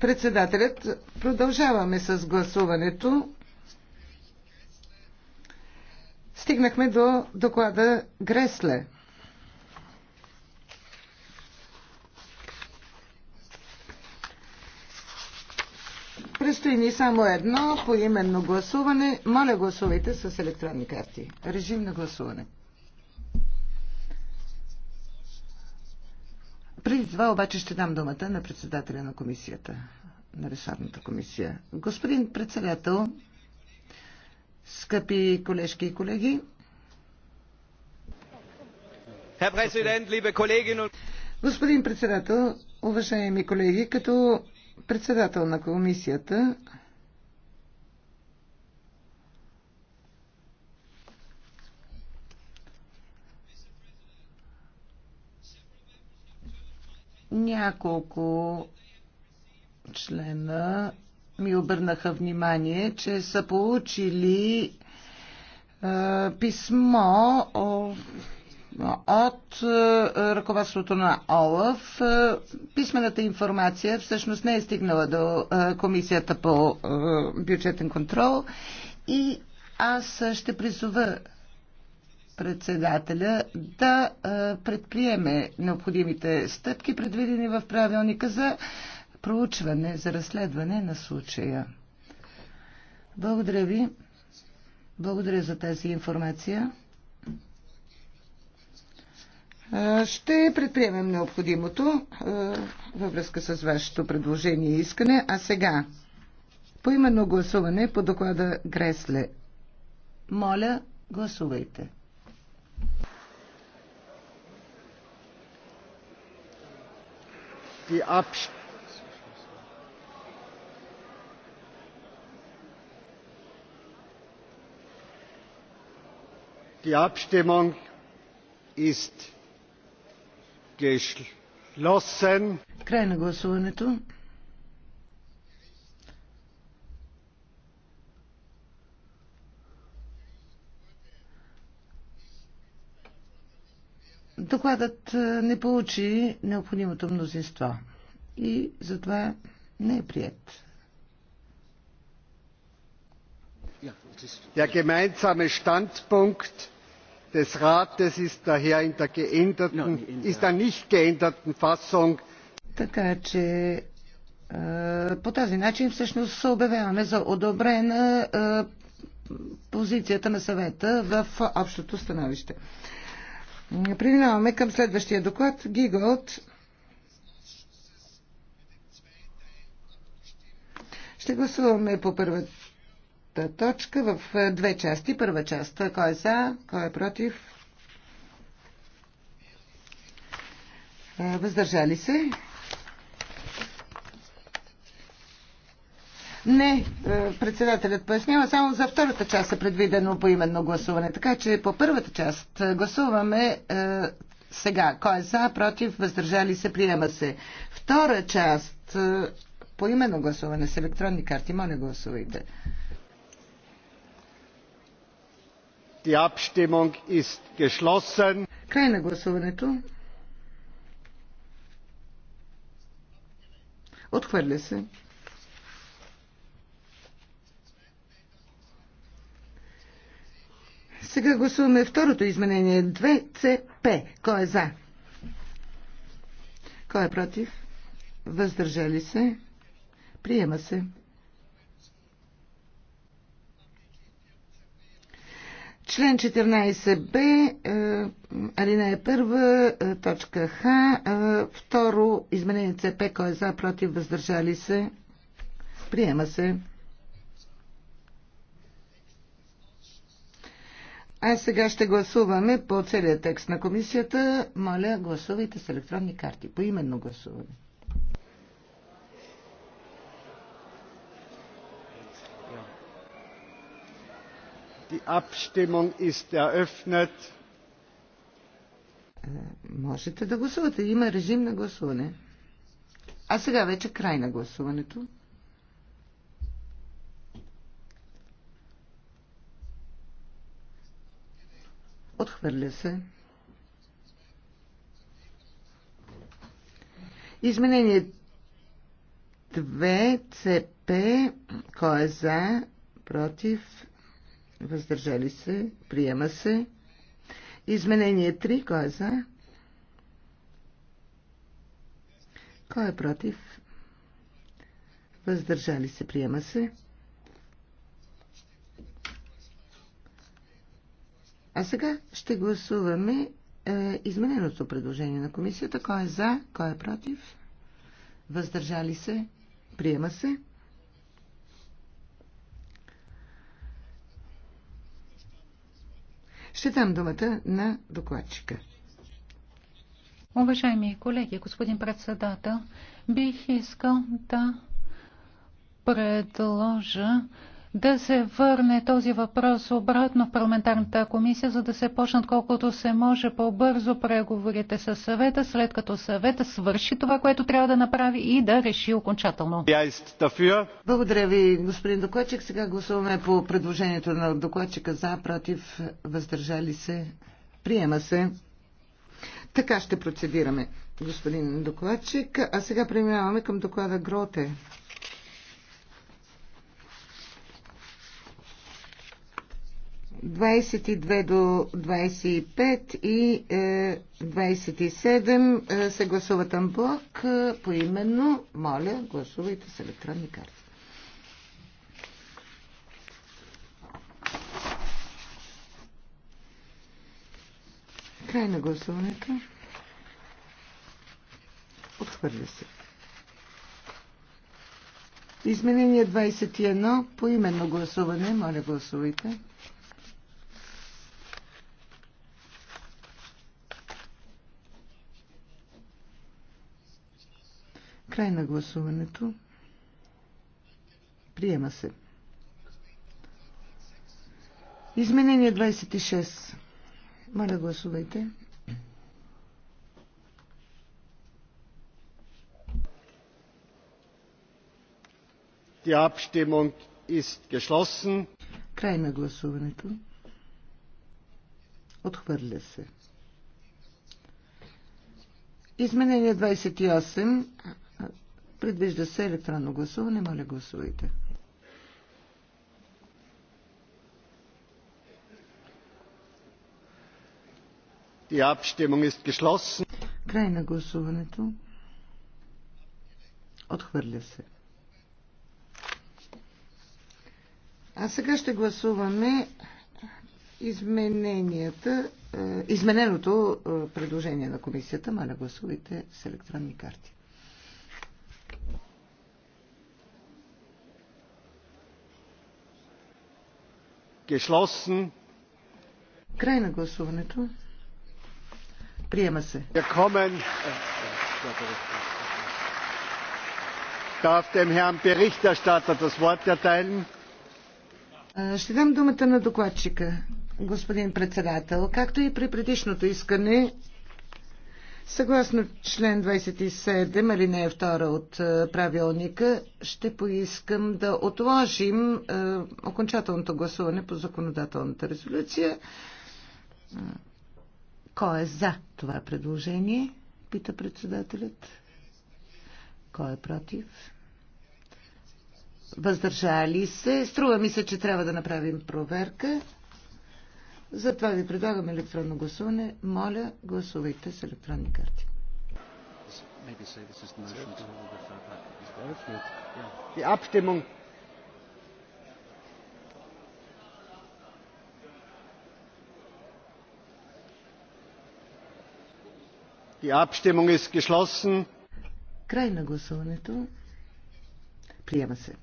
Председателят, продължаваме с гласуването. Стигнахме до доклада Гресле. Предстои ни само едно поименно гласуване. Моля гласувайте с електронни карти. Режим на гласуване. Преди това обаче ще дам думата на председателя на комисията, на ресорната комисия. Господин председател, скъпи колежки и колеги, Господин председател, уважаеми колеги, като председател на комисията Няколко члена ми обърнаха внимание, че са получили е, писмо о, от е, ръководството на ОЛАФ. Е, писмената информация всъщност не е стигнала до е, Комисията по е, бюджетен контрол и аз ще призова председателя да предприеме необходимите стъпки, предвидени в правилника за проучване, за разследване на случая. Благодаря ви. Благодаря за тази информация. Ще предприемем необходимото във връзка с вашето предложение и искане. А сега, по именно гласуване по доклада Гресле. Моля, гласувайте. Die Abstimmung. die abstimmung ist geschlossen. Докладът е, не получи необходимото мнозинство и затова не е прият. Der gemeinsame Standpunkt des Rates ist daher in der geänderten, ist der nicht geänderten Fassung. Така че е, по този начин всъщност се обявяваме за одобрена е, позицията на съвета в общото становище. Преминаваме към следващия доклад. Гиголд. Ще гласуваме по първата точка в е, две части. Първа част. Е, кой е за, кой е против? Е, въздържали се. Не, е, председателят пояснява, само за втората част е предвидено поименно гласуване. Така че по първата част гласуваме е, сега. Кой е за, против, въздържали се, приема се. Втора част е, поименно гласуване с електронни карти. Моля, гласувайте. Die Abstimmung ist geschlossen. Край на гласуването. Отхвърля се. Сега гласуваме второто изменение. 2CP. Кой е за? Кой е против? Въздържали се? Приема се. Член 14б, е, алинея първа, е, точка Х, е, второ изменение ЦП, кой е за, против, въздържали се, приема се. А сега ще гласуваме по целия текст на комисията. Моля, гласувайте с електронни карти. По именно гласуване. Die Abstimmung ist eröffnet. Е, можете да гласувате. Има режим на гласуване. А сега вече край на гласуването. Отхвърля се. Изменение 2 ЦП, Кой е за? Против? Въздържали се? Приема се. Изменение 3. Кой е за? Кой е против? Въздържали се? Приема се. А сега ще гласуваме е, измененото предложение на комисията. Кой е за, кой е против? Въздържали се? Приема се? Ще дам думата на докладчика. Уважаеми колеги, господин председател, бих искал да предложа да се върне този въпрос обратно в парламентарната комисия, за да се почнат колкото се може по-бързо преговорите с съвета, след като съвета свърши това, което трябва да направи и да реши окончателно. Благодаря ви, господин докладчик. Сега гласуваме по предложението на докладчика за, против, въздържали се. Приема се. Така ще процедираме, господин докладчик. А сега преминаваме към доклада Гроте. 22 до 25 и 27 е, е, се гласуват анблок е, поименно. Моля, гласувайте с електронни карти. Край на гласуването. Отхвърля се. Изменение 21 по именно гласуване. Моля, гласувайте. Край на гласуването. Приема се. Изменение 26. Моля, гласувайте. Die Abstimmung ist geschlossen. Край на гласуването. Отхвърля се. Изменение 28. Предвижда се електронно гласуване. Моля, гласувайте. Die Abstimmung ist geschlossen. Край на гласуването. Отхвърля се. А сега ще гласуваме измененията, е, измененото е, предложение на комисията. Маля гласувайте с електронни карти. Geschlossen. Край на гласуването. Приема се. Wir darf dem Herrn Berichterstatter das Wort erteilen. Ще дам думата на докладчика, господин председател. Както и при предишното искане, Съгласно член 27, алинея 2 от е, правилника, ще поискам да отложим е, окончателното гласуване по законодателната резолюция. Е, кой е за това предложение? Пита председателят. Кой е против? Въздържали се. Струва ми се, че трябва да направим проверка. Затова ви предлагам електронно гласуване. Моля, гласувайте с електронни карти. Die Abstimmung. ist geschlossen. Край на гласуването. Приема се.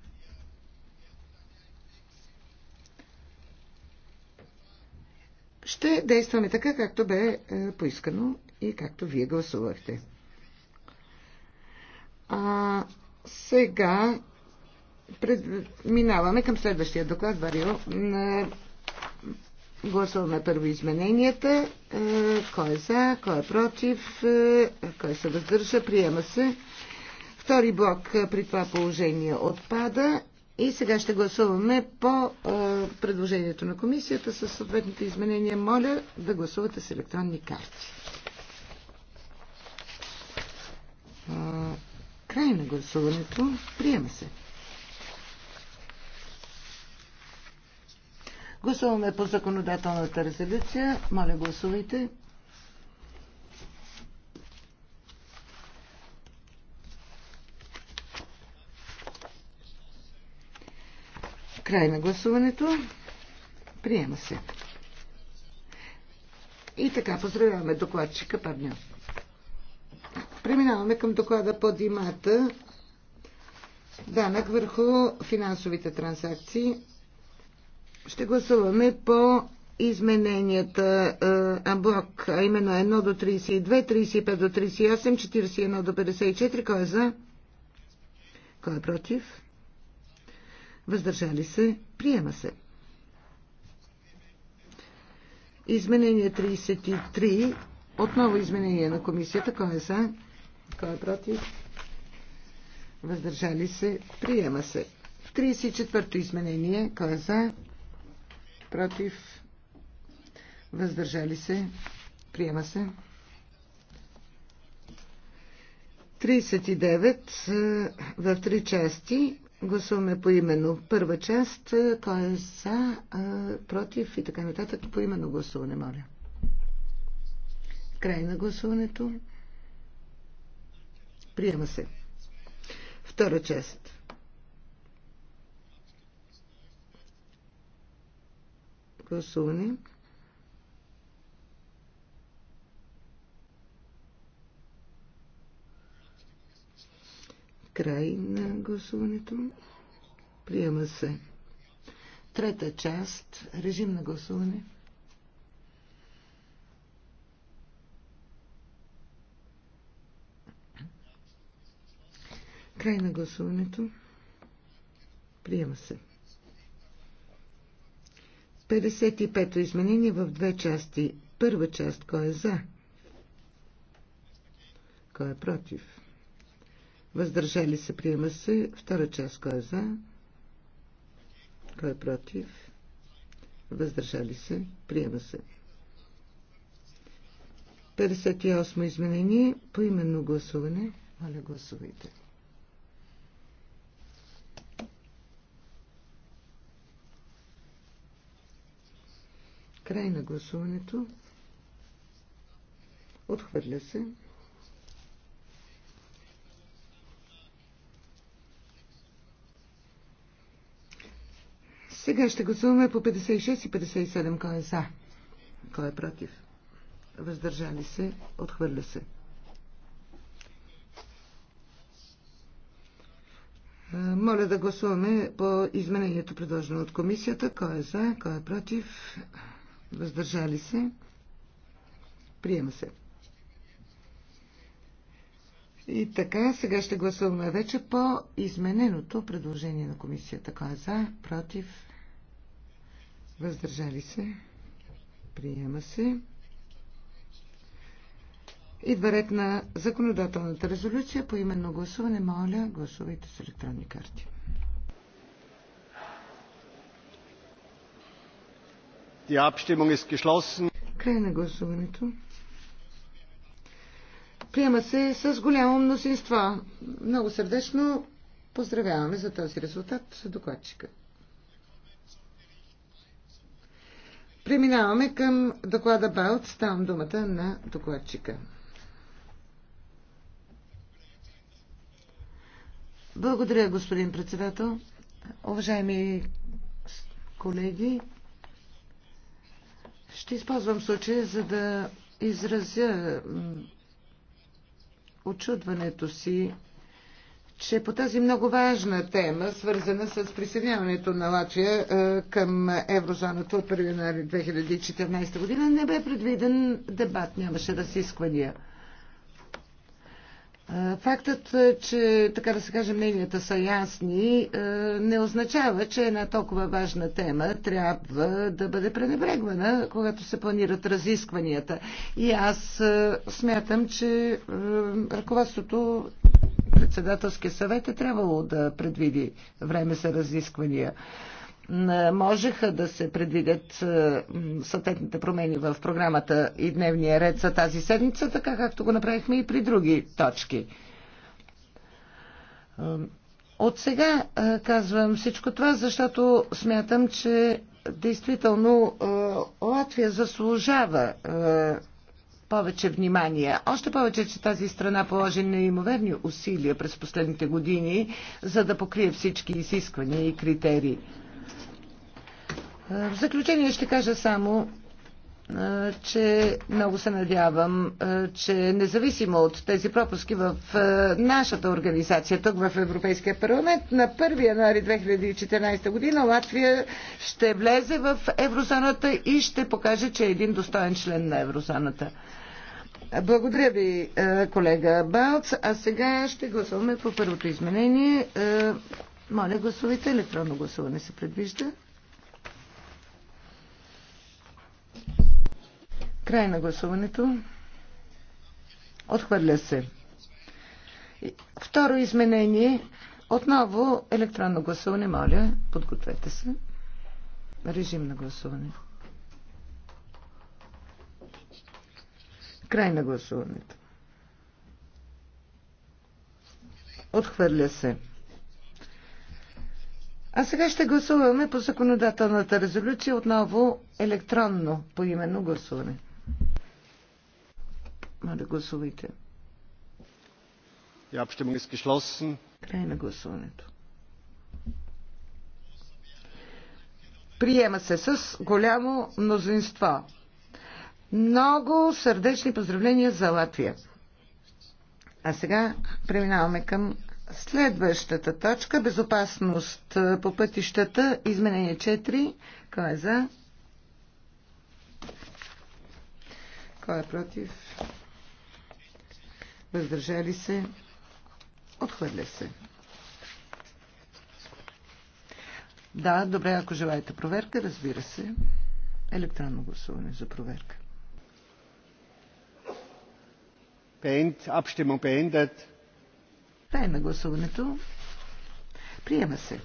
ще действаме така, както бе е, поискано и както вие гласувахте. А сега пред... минаваме към следващия доклад, Варио. На... Е, гласуваме първо измененията. Е, кой е за, кой е против, кой се въздържа, приема се. Втори блок при това положение отпада. И сега ще гласуваме по предложението на комисията с съответните изменения. Моля да гласувате с електронни карти. край на гласуването. Приема се. Гласуваме по законодателната резолюция. Моля, гласувайте. Край на гласуването. Приема се. И така, поздравяваме докладчика Парньо. Преминаваме към доклада по димата. Данък върху финансовите транзакции. Ще гласуваме по измененията е, Амблок, а именно 1 до 32, 35 до 38, 41 до 54. Кой е за? Кой е против? въздържали се, приема се. Изменение 33, отново изменение на комисията, кой е за, кой е против, въздържали се, приема се. 34-то изменение, кой е за, против, въздържали се, приема се. 39 е, в три части. Гласуваме по именно първа част, е, кой е за, против и така нататък. По именно гласуване, моля. Край на гласуването. Приема се. Втора част. Гласуване. Край на гласуването. Приема се. Трета част. Режим на гласуване. Край на гласуването. Приема се. 55-то изменение в две части. Първа част, кой е за? Кой е против? въздържали се, приема се. Втора част, кой е за, кой е против, въздържали се, приема се. 58 изменение, по именно гласуване. Моля, гласувайте. Край на гласуването. Отхвърля се. Сега ще гласуваме по 56 и 57. Кой е за? Кой е против? Въздържали се? Отхвърля се. Моля да гласуваме по изменението, предложено от комисията. Кой е за, кой е против, въздържали се. Приема се. И така, сега ще гласуваме вече по измененото предложение на комисията. Кой е за, против, Въздържали се. Приема се. Идва ред на законодателната резолюция по именно гласуване. Моля, гласувайте с електронни карти. Край на гласуването. Приема се с голямо мнозинство. Много сърдечно поздравяваме за този резултат докладчика. Преминаваме към доклада Байлт. Ставам думата на докладчика. Благодаря, господин председател. Уважаеми колеги, ще използвам случая, за да изразя очудването си че по тази много важна тема, свързана с присъединяването на Латвия е, към еврозоната от 1 януари 2014 година, не бе предвиден дебат, нямаше разисквания. Е, фактът, е, че, така да се каже, мненията са ясни, не означава, че една толкова важна тема трябва да бъде пренебрегвана, когато се планират разискванията. И аз смятам, че ръководството председателския съвет е трябвало да предвиди време за разисквания можеха да се предвидят е, съответните промени в програмата и дневния ред за тази седмица, така както го направихме и при други точки. От сега е, казвам всичко това, защото смятам, че действително е, Латвия заслужава повече внимание. Още повече, че тази страна положи неимоверни усилия през последните години, за да покрие всички изисквания и критерии. В заключение ще кажа само, че много се надявам, че независимо от тези пропуски в нашата организация, тук в Европейския парламент, на 1 януари 2014 година Латвия ще влезе в еврозоната и ще покаже, че е един достоен член на еврозоната. Благодаря ви, е, колега Балц. А сега ще гласуваме по първото изменение. Е, моля, гласувайте. Електронно гласуване се предвижда. Край на гласуването. Отхвърля се. Второ изменение. Отново електронно гласуване. Моля, подгответе се. Режим на гласуване. Край на гласуването. Отхвърля се. А сега ще гласуваме по законодателната резолюция отново електронно по именно гласуване. Моля, гласувайте. Край на гласуването. Приема се с голямо мнозинство. Много сърдечни поздравления за Латвия. А сега преминаваме към следващата точка. Безопасност по пътищата. Изменение 4. Кой е за? Кой е против? Въздържали се? Отхвърля се. Да, добре, ако желаете проверка, разбира се. Електронно гласуване за проверка. Abstimmung beendet. Край на гласуването. Приема се.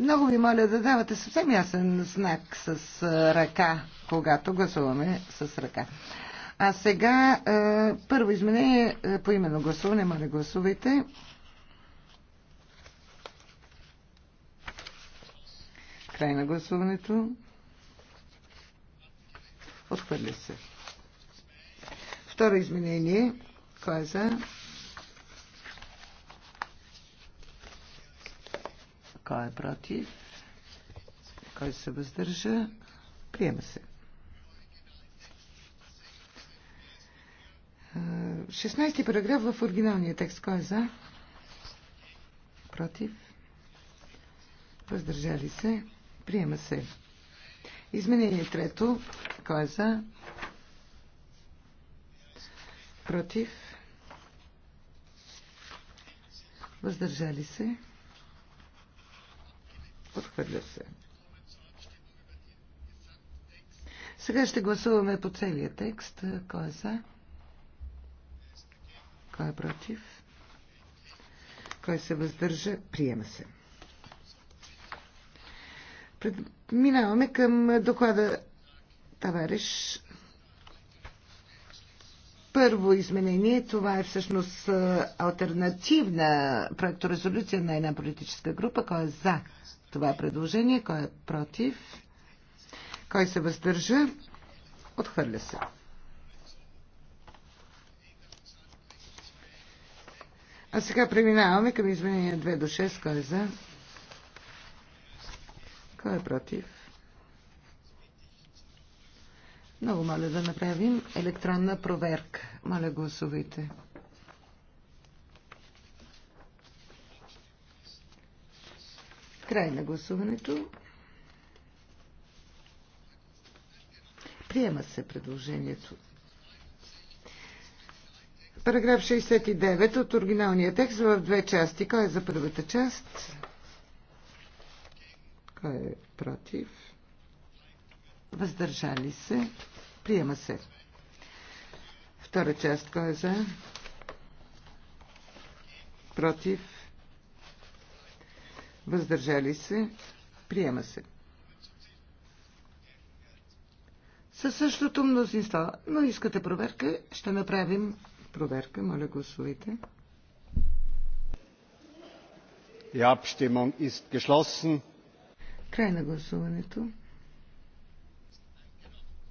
Много ви моля да давате съвсем ясен знак с ръка, когато гласуваме с ръка. А сега първо изменение по именно гласуване. Моля, гласувайте. Край на гласуването. Отхвърля се. Второ изменение. Кой е за? Кой е против? Кой се въздържа? Приема се. 16 параграф в оригиналния текст. Кой е за? Против? Въздържали се? Приема се. Изменение трето. Кой е за? Против? Въздържали се? Подхвърля се. Сега ще гласуваме по целия текст. Кой е за? Кой е против? Кой се въздържа? Приема се. Минаваме към доклада Товариш. Първо изменение, това е всъщност альтернативна проекторезолюция на една политическа група. Кой е за това предложение, кой е против, кой се въздържа, отхвърля се. А сега преминаваме към изменение 2 до 6. Кой е за? Кой е против? Много моля да направим електронна проверка. Моля, гласувайте. Край на гласуването. Приема се предложението. Параграф 69 от оригиналния текст в две части. Кой е за първата част? Кой е против? Въздържали се. Приема се. Втора част. Кой е за? Против. Въздържали се. Приема се. Със същото мнозинство, но искате проверка, ще направим проверка. Моля, гласувайте. Die Abstimmung ist geschlossen. Край на гласуването.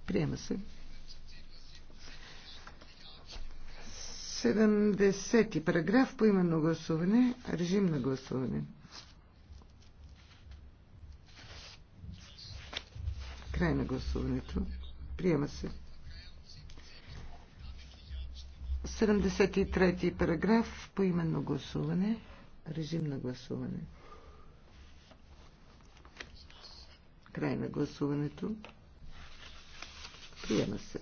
Приема се. 70 параграф по именно гласуване. Режим на гласуване. Край на гласуването. Приема се. 73 параграф по именно гласуване. Режим на гласуване. Край на гласуването. Приема се.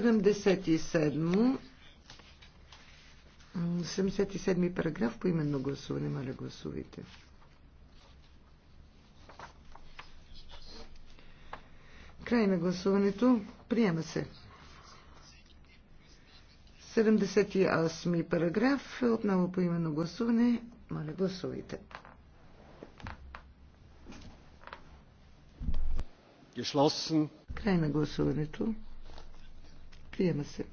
77. 77 параграф по именно гласуване. Моля, гласувайте. Край на гласуването. Приема се. 78 параграф. Отново по именно гласуване. Моля, гласувайте. Geschlossen. Край на гласуването. Приема се.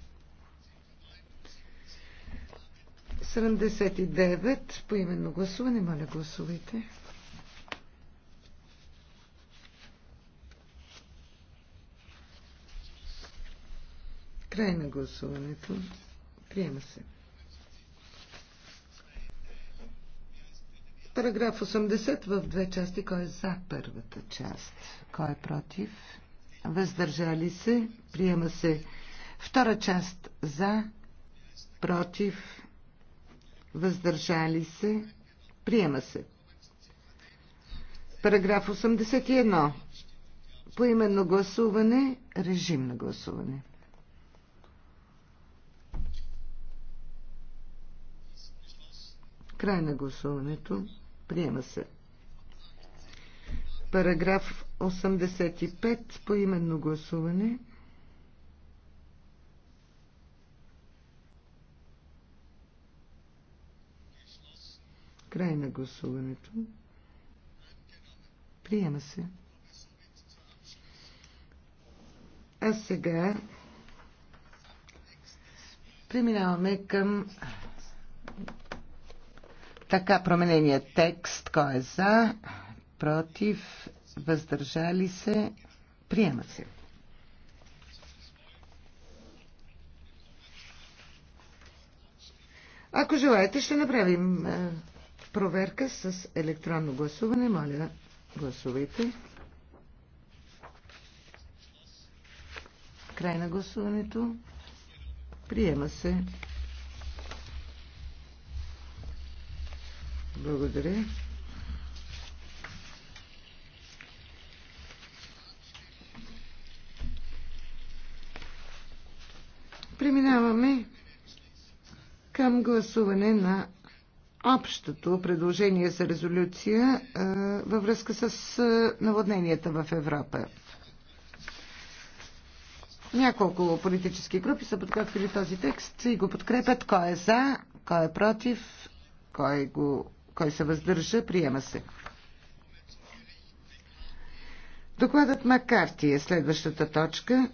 79 по именно гласуване. Моля, гласувайте. Край на гласуването. Приема се. Параграф 80 в две части. Кой е за първата част? Кой е против? въздържали се, приема се. Втора част за, против, въздържали се, приема се. Параграф 81. Поименно гласуване, режим на гласуване. Край на гласуването. Приема се. Параграф 85 по именно гласуване. Край на гласуването. Приема се. А сега преминаваме към така променения текст. Кой е за? Против? въздържали се, приема се. Ако желаете, ще направим е, проверка с електронно гласуване. Моля, гласувайте. Край на гласуването. Приема се. Благодаря. Преминаваме към гласуване на общото предложение за резолюция а, във връзка с а, наводненията в Европа. Няколко политически групи са подготвили този текст и го подкрепят. Кой е за, кой е против, кой, го, кой се въздържа, приема се. Докладът Маккарти е следващата точка.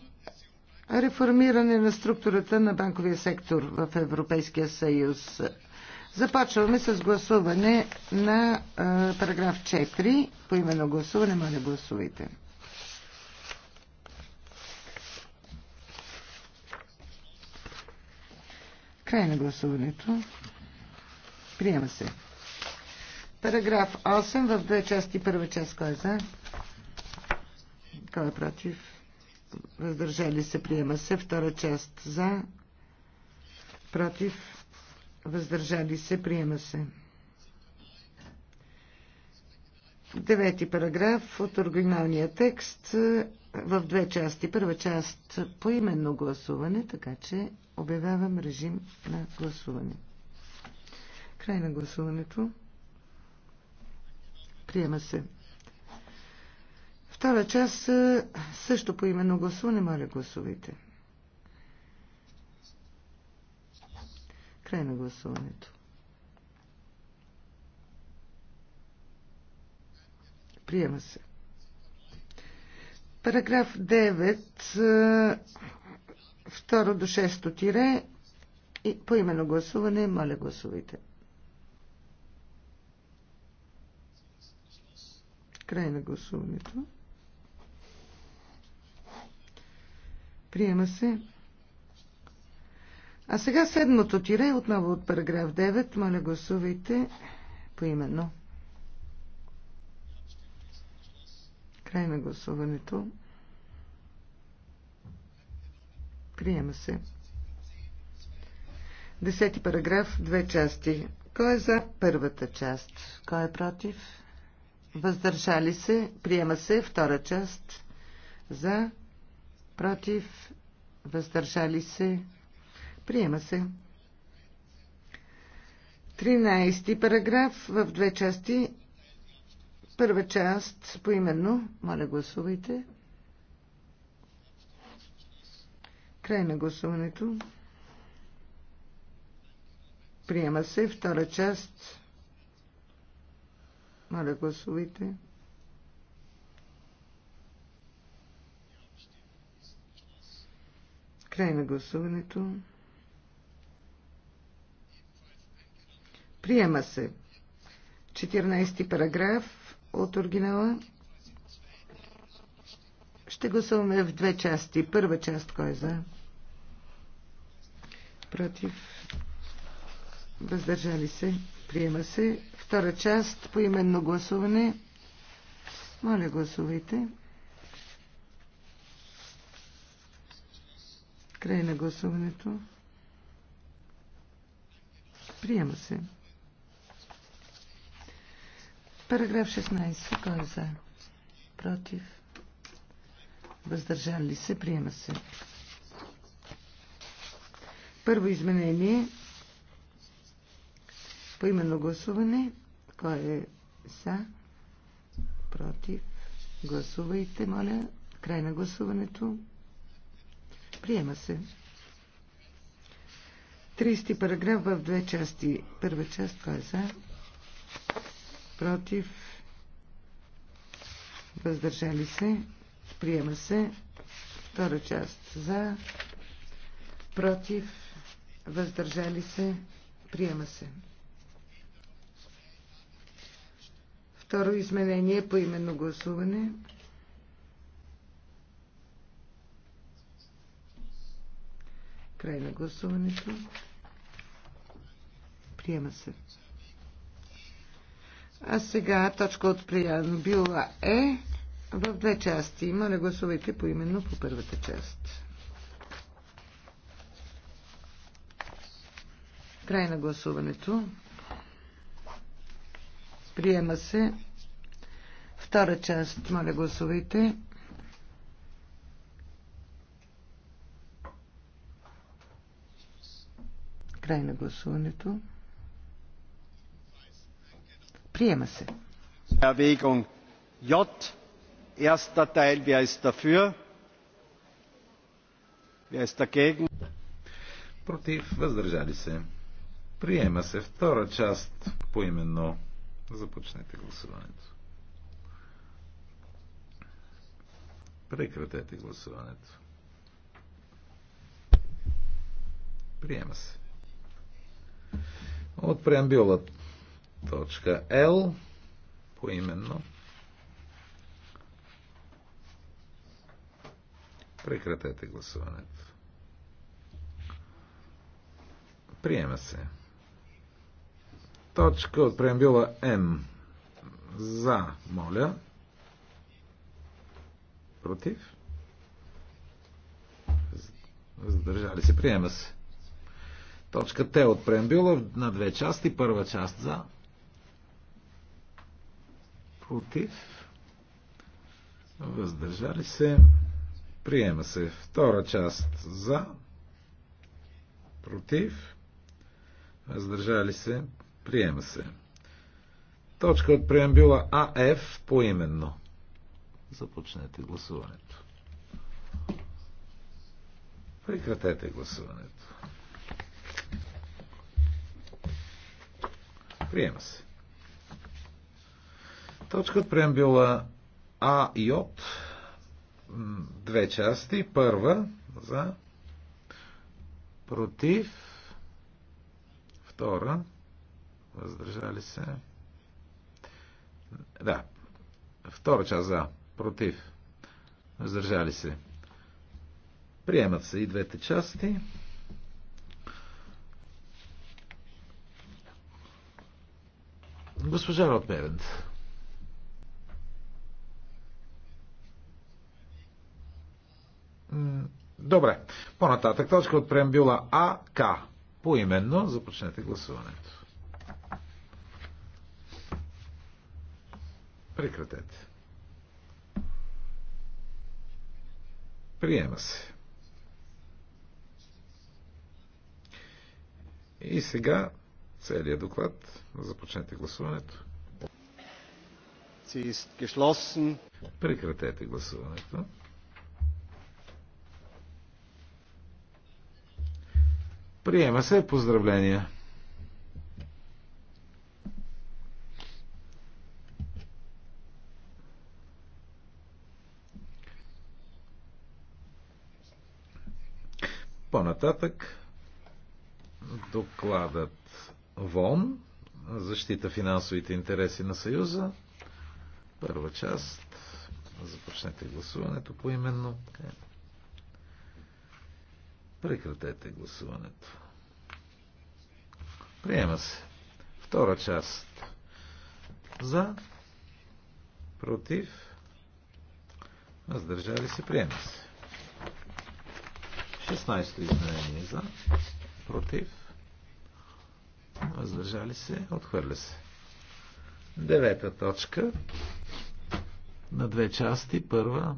Реформиране на структурата на банковия сектор в Европейския съюз. Започваме с гласуване на параграф 4. По именно гласуване, моля гласувайте. Край на гласуването. Приема се. Параграф 8 в две части. Първа част кой е за? Кой е против? въздържали се, приема се. Втора част за, против, въздържали се, приема се. Девети параграф от оригиналния текст в две части. Първа част по именно гласуване, така че обявявам режим на гласуване. Край на гласуването. Приема се. Втора част също по именно гласуване. Моля, гласувайте. Край на гласуването. Приема се. Параграф 9, второ до 6 тире, и по именно гласуване, моля гласувайте. Край на гласуването. Приема се. А сега седмото тире, отново от параграф 9. Моля, гласувайте поименно. Край на гласуването. Приема се. Десети параграф, две части. Кой е за първата част? Кой е против? Въздържали се? Приема се. Втора част. За против, въздържали се, приема се. 13 параграф в две части. Първа част поименно. Моля, гласувайте. Край на гласуването. Приема се. Втора част. Моля, гласувайте. Край на гласуването. Приема се. 14 параграф от оригинала. Ще гласуваме в две части. Първа част, кой е за? Против. Въздържали се. Приема се. Втора част, по именно гласуване. Моля, гласувайте. Край на гласуването. Приема се. Параграф 16. Кой е за? Против? Въздържали се? Приема се. Първо изменение. По именно гласуване. Кой е за? Против? Гласувайте, моля. Край на гласуването. Приема се. 30 параграф в две части. Първа част, това е за? Против. Въздържали се. Приема се. Втора част за. Против. Въздържали се. Приема се. Второ изменение по именно гласуване. Край на гласуването. Приема се. А сега точка от била е в две части. Моля, гласувайте по именно по първата част. Край на гласуването. Приема се. Втора част. Моля, гласувайте. Край на гласуването. Приема се. Erwägung J. Erster Teil, wer ist dafür? Wer ist dagegen? Против, въздържали се. Приема се втора част по именно. Започнете гласуването. Прекратете гласуването. Приема се от преамбюла. Точка L поименно. Прекратете гласуването. Приема се. Точка от преамбюла М. За, моля. Против. Задържали се. Приема се. Точка Т от преамбюла на две части. Първа част за. Против. Въздържали се. Приема се. Втора част за. Против. Въздържали се. Приема се. Точка от преамбюла АФ поименно. Започнете гласуването. Прекратете гласуването. Приема се. Точка от преамбюла А и от две части. Първа за против. Втора. Въздържали се. Да. Втора част за против. Въздържали се. Приемат се и двете части. Госпожа Ротберент. Добре. По-нататък точка от преамбюла АК. Поименно започнете гласуването. Прекратете. Приема се. И сега целият доклад Започнете гласуването. Прекратете гласуването. Приема се поздравления. По-нататък докладът ВОН защита финансовите интереси на Съюза. Първа част. Започнете гласуването поименно. Прекратете гласуването. Приема се. Втора част. За. Против. Въздържали се. Приема се. 16 изменение за. Против въздържали се, отхвърля се. Девета точка на две части. Първа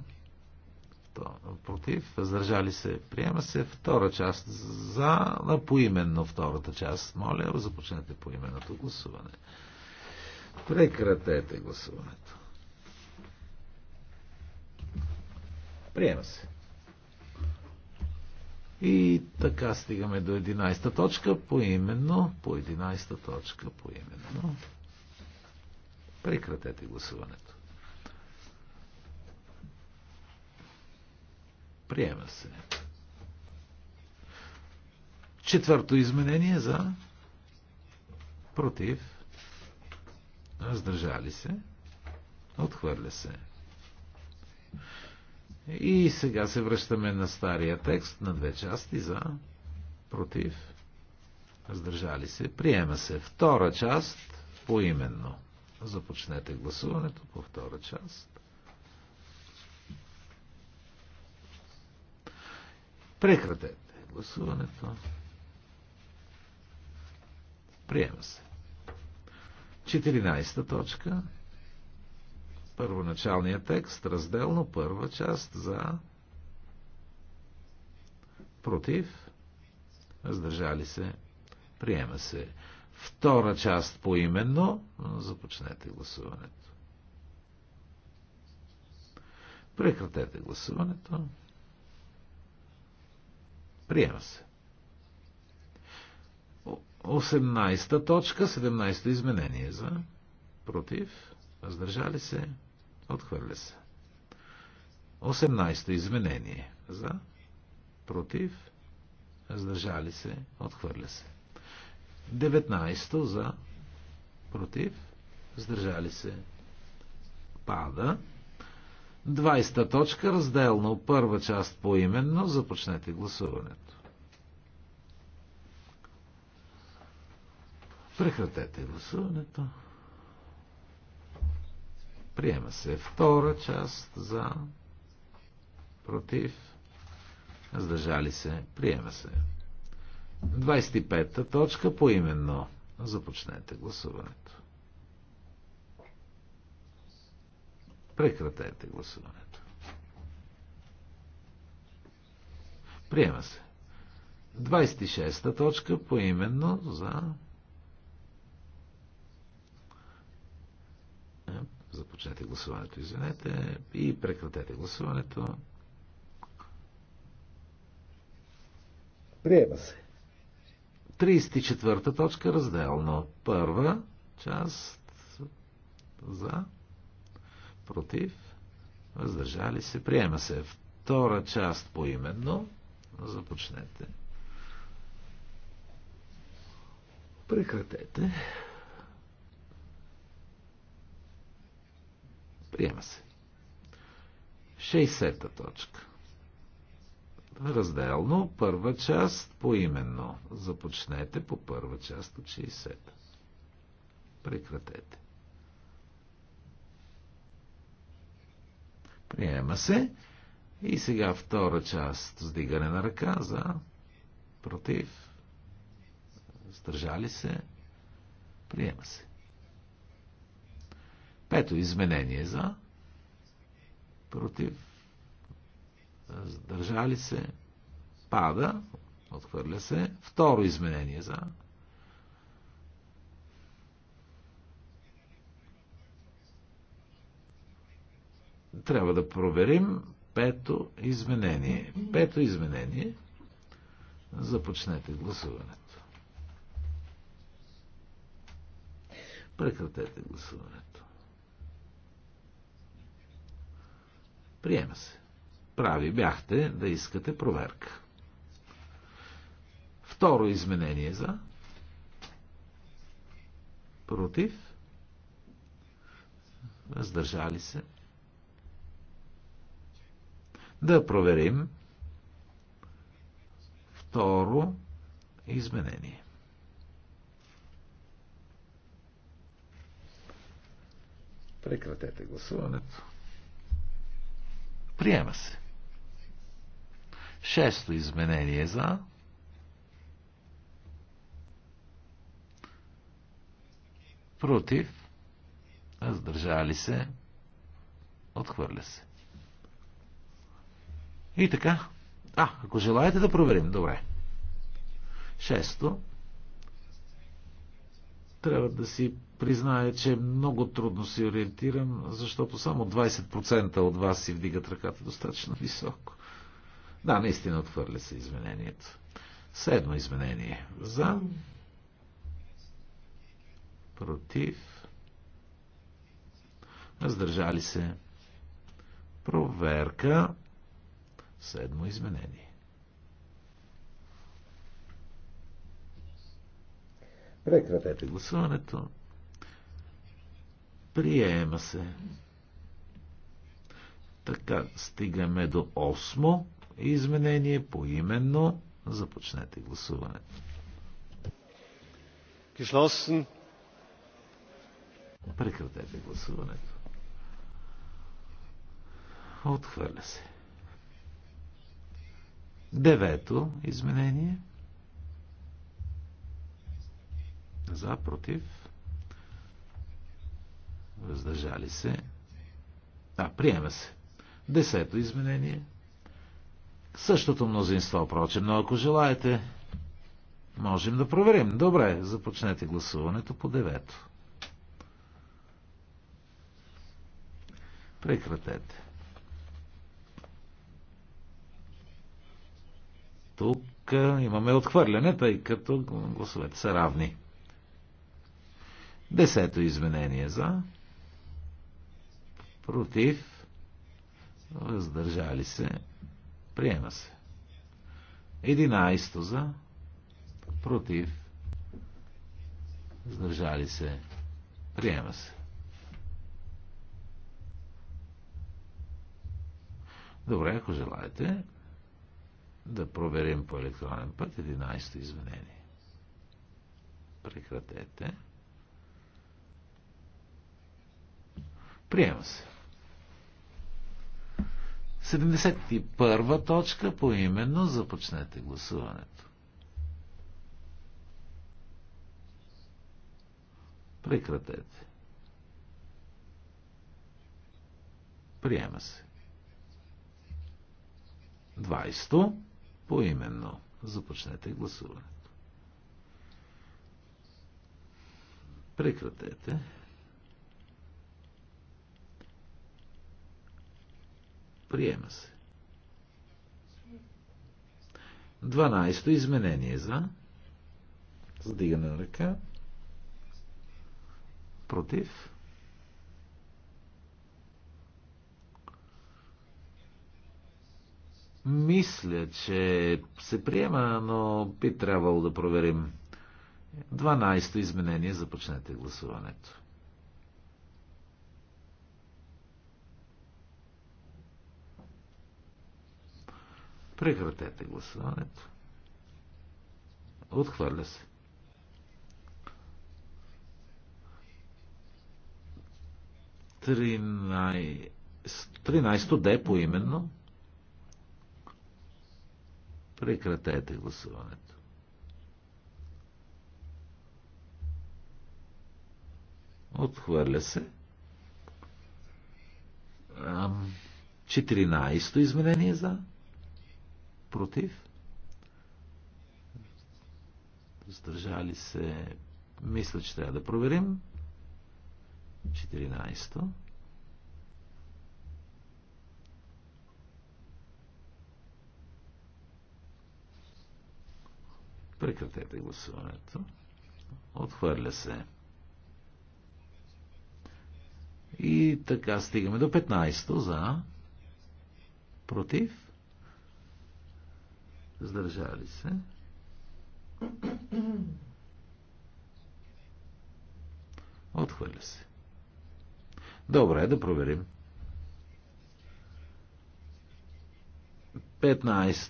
против, въздържали се, приема се. Втора част за, на поименно втората част. Моля, започнете поименното гласуване. Прекратете гласуването. Приема се. И така стигаме до 11-та точка, поименно, по 11-та точка, поименно. Прекратете гласуването. Приема се. Четвърто изменение за против раздържали се отхвърля се. И сега се връщаме на стария текст, на две части за, против, въздържали се. Приема се втора част поименно. Започнете гласуването по втора част. Прекратете гласуването. Приема се. 14 точка първоначалния текст, разделно първа част за против, въздържали се, приема се. Втора част по именно, започнете гласуването. Прекратете гласуването. Приема се. 18 точка, 17 изменение за против, въздържали се, Отхвърля се. 18-то изменение. За. Против. Въздържали се. Отхвърля се. 19-то за. Против. Въздържали се. Пада. 20-та точка разделно. Първа част поименно. Започнете гласуването. Прекратете гласуването. Приема се втора част за против. Сдържали се. Приема се. 25-та точка по именно. Започнете гласуването. Прекратете гласуването. Приема се. 26-та точка по именно за Започнете гласуването, извинете, и прекратете гласуването. Приема се. 34-та точка разделно. Първа част за, против, въздържали се, приема се. Втора част поименно. Започнете. Прекратете. Приема се. 60-та точка. Разделно, първа част, поименно. Започнете по първа част от 60-та. Прекратете. Приема се. И сега втора част с дигане на ръка за против. Сдържали се. Приема се. Пето изменение за. Против. Държали се. Пада. Отхвърля се. Второ изменение за. Трябва да проверим пето изменение. Пето изменение. Започнете гласуването. Прекратете гласуването. Приема се. Прави бяхте да искате проверка. Второ изменение за. Против. Въздържали се. Да проверим. Второ изменение. Прекратете гласуването. Приема се. Шесто изменение за. Против. Раздържали се. Отхвърля се. И така. А, ако желаете да проверим, добре. Шесто. Трябва да си призная, че е много трудно се ориентирам, защото само 20% от вас си вдигат ръката достатъчно високо. Да, наистина отхвърля се изменението. Седмо изменение. За. Против. Раздържали се. Проверка. Седмо изменение. Прекратете гласуването. Приема се. Така стигаме до 8 изменение по именно. Започнете гласуването. Geschlossen. Прекратете гласуването. Отхвърля се. Девето изменение. За, против. Въздържали се. А, приема се. Десето изменение. Същото мнозинство, прочим, но ако желаете, можем да проверим. Добре, започнете гласуването по девето. Прекратете. Тук имаме отхвърляне, тъй като гласовете са равни. Десето изменение за. Против. Въздържали се. Приема се. Единайсто за. Против. Въздържали се. Приема се. Добре, ако желаете, да проверим по електронен път 11-то изменение. Прекратете. Приема се. 71 точка по именно започнете гласуването. Прекратете. Приема се. 20 по именно започнете гласуването. Прекратете. Приема се. 12-то изменение за задигане на ръка против Мисля, че се приема, но би трябвало да проверим. 12-то изменение. Започнете гласуването. Прекратете гласуването. Отхвърля се. Тринай... де Д поименно. Прекратете гласуването. Отхвърля се. 14 изменение за против, Сдържали се, мисля, че трябва да проверим. 14-то. Прекратете гласуването. Отхвърля се. И така стигаме до 15-то за против. Въздържали се. Отхвърля се. Добре, да проверим. 15.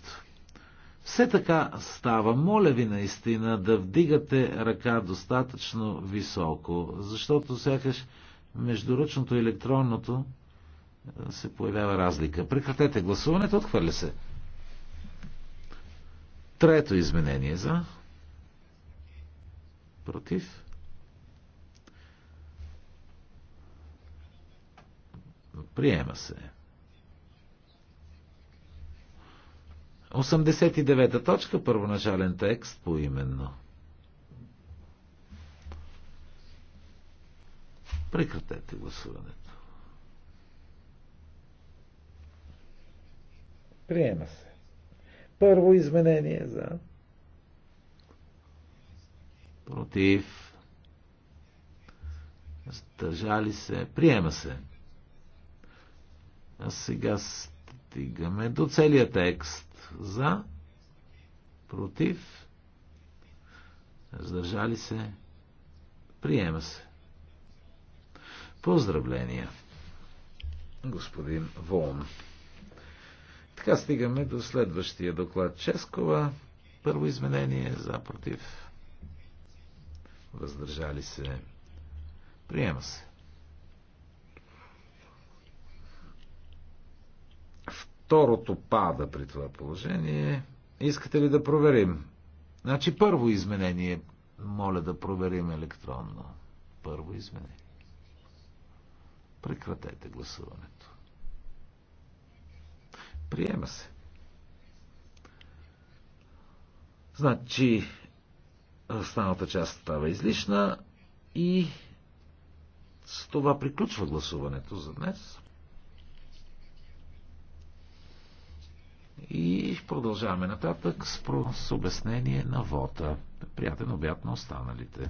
Все така става. Моля ви наистина да вдигате ръка достатъчно високо, защото сякаш между ръчното и електронното се появява разлика. Прекратете гласуването, отхвърля се. Трето изменение за. Против. Приема се. 89-та точка, първоначален текст по именно. Прекратете гласуването. Приема се. Първо изменение за. Против. Стържали се. Приема се. А сега стигаме до целия текст. За. Против. Сдържали се. Приема се. Поздравления, господин Волн. Така стигаме до следващия доклад. Ческова, първо изменение за против. Въздържали се. Приема се. Второто пада при това положение. Искате ли да проверим? Значи първо изменение. Моля да проверим електронно. Първо изменение. Прекратете гласуването. Приема се. Значи, останалата част става излишна и с това приключва гласуването за днес. И продължаваме нататък с, про... с обяснение на вота. Приятен обяд на останалите.